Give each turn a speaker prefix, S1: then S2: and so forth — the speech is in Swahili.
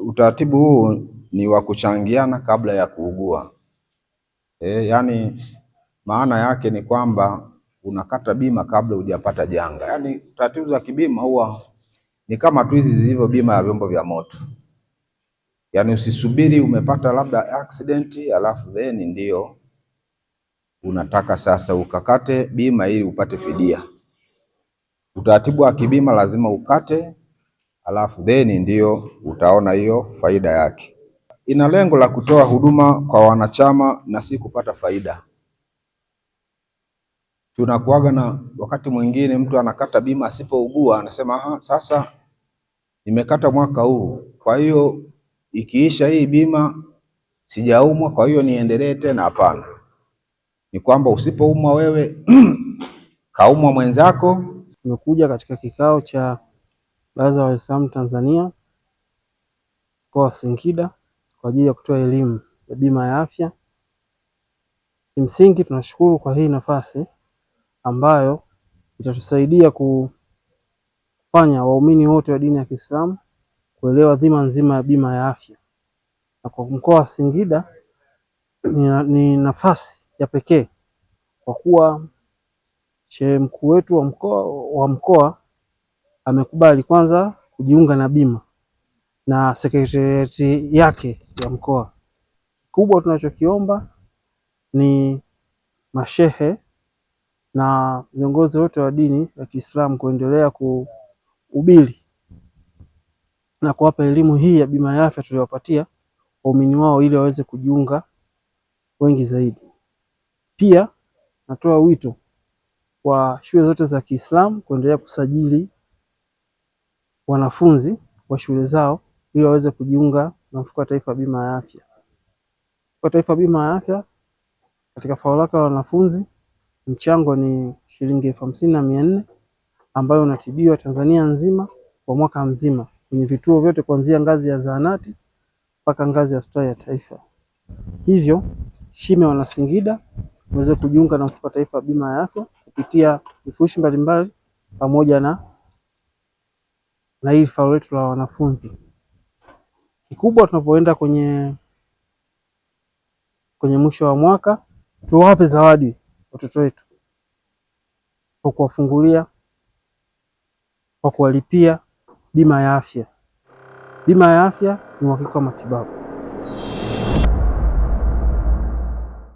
S1: utaratibu huu ni wa kuchangiana kabla ya kuugua. E, yani maana yake ni kwamba unakata bima kabla hujapata janga. Yaani taratibu za kibima huwa ni kama tu hizi zilivyo bima ya vyombo vya moto. Yaani usisubiri umepata labda accident alafu then ndio unataka sasa ukakate bima ili upate fidia. Utaratibu wa kibima lazima ukate alafu deni ndiyo utaona hiyo faida yake. Ina lengo la kutoa huduma kwa wanachama na si kupata faida. Tunakuaga na wakati mwingine mtu anakata bima asipougua, anasema aha, sasa nimekata mwaka huu, kwa hiyo ikiisha hii bima sijaumwa, kwa hiyo niendelee tena. Hapana, ni kwamba usipoumwa wewe kaumwa mwenzako.
S2: Tumekuja katika kikao cha Baraza la Waislamu Tanzania mkoa wa Singida kwa ajili ya kutoa elimu ya bima ya afya. Kimsingi tunashukuru kwa hii nafasi ambayo itatusaidia kufanya waumini wote wa dini ya Kiislamu kuelewa dhima nzima ya bima ya afya, na kwa mkoa wa Singida ni nafasi ya pekee kwa kuwa shehe mkuu wetu wa mkoa amekubali kwanza kujiunga na BIMA na sekretarieti yake ya mkoa. Kubwa tunachokiomba ni mashehe na viongozi wote wa dini ya Kiislamu kuendelea kuhubiri na kuwapa elimu hii ya bima ya afya tuliyowapatia waumini wao ili waweze kujiunga wengi zaidi. Pia natoa wito kwa shule zote za Kiislamu kuendelea kusajili wanafunzi wa shule zao ili waweze kujiunga na mfuko wa taifa wa bima ya afya. Mfuko wa taifa wa bima ya afya katika faulu lake la wanafunzi mchango ni shilingi elfu hamsini na mia nne ambayo unatibiwa Tanzania nzima kwa mwaka mzima kwenye vituo vyote kuanzia ngazi ya zahanati mpaka ngazi ya hospitali ya taifa. Hivyo shime Singida waweze kujiunga na mfuko wa taifa wa bima ya afya kupitia vifurushi mbalimbali pamoja na na hili faulu letu la wanafunzi. Kikubwa tunapoenda kwenye kwenye mwisho wa mwaka, tuwape zawadi watoto wetu kwa kuwafungulia, kwa kuwalipia bima ya afya. Bima ya afya ni uhakika wa matibabu.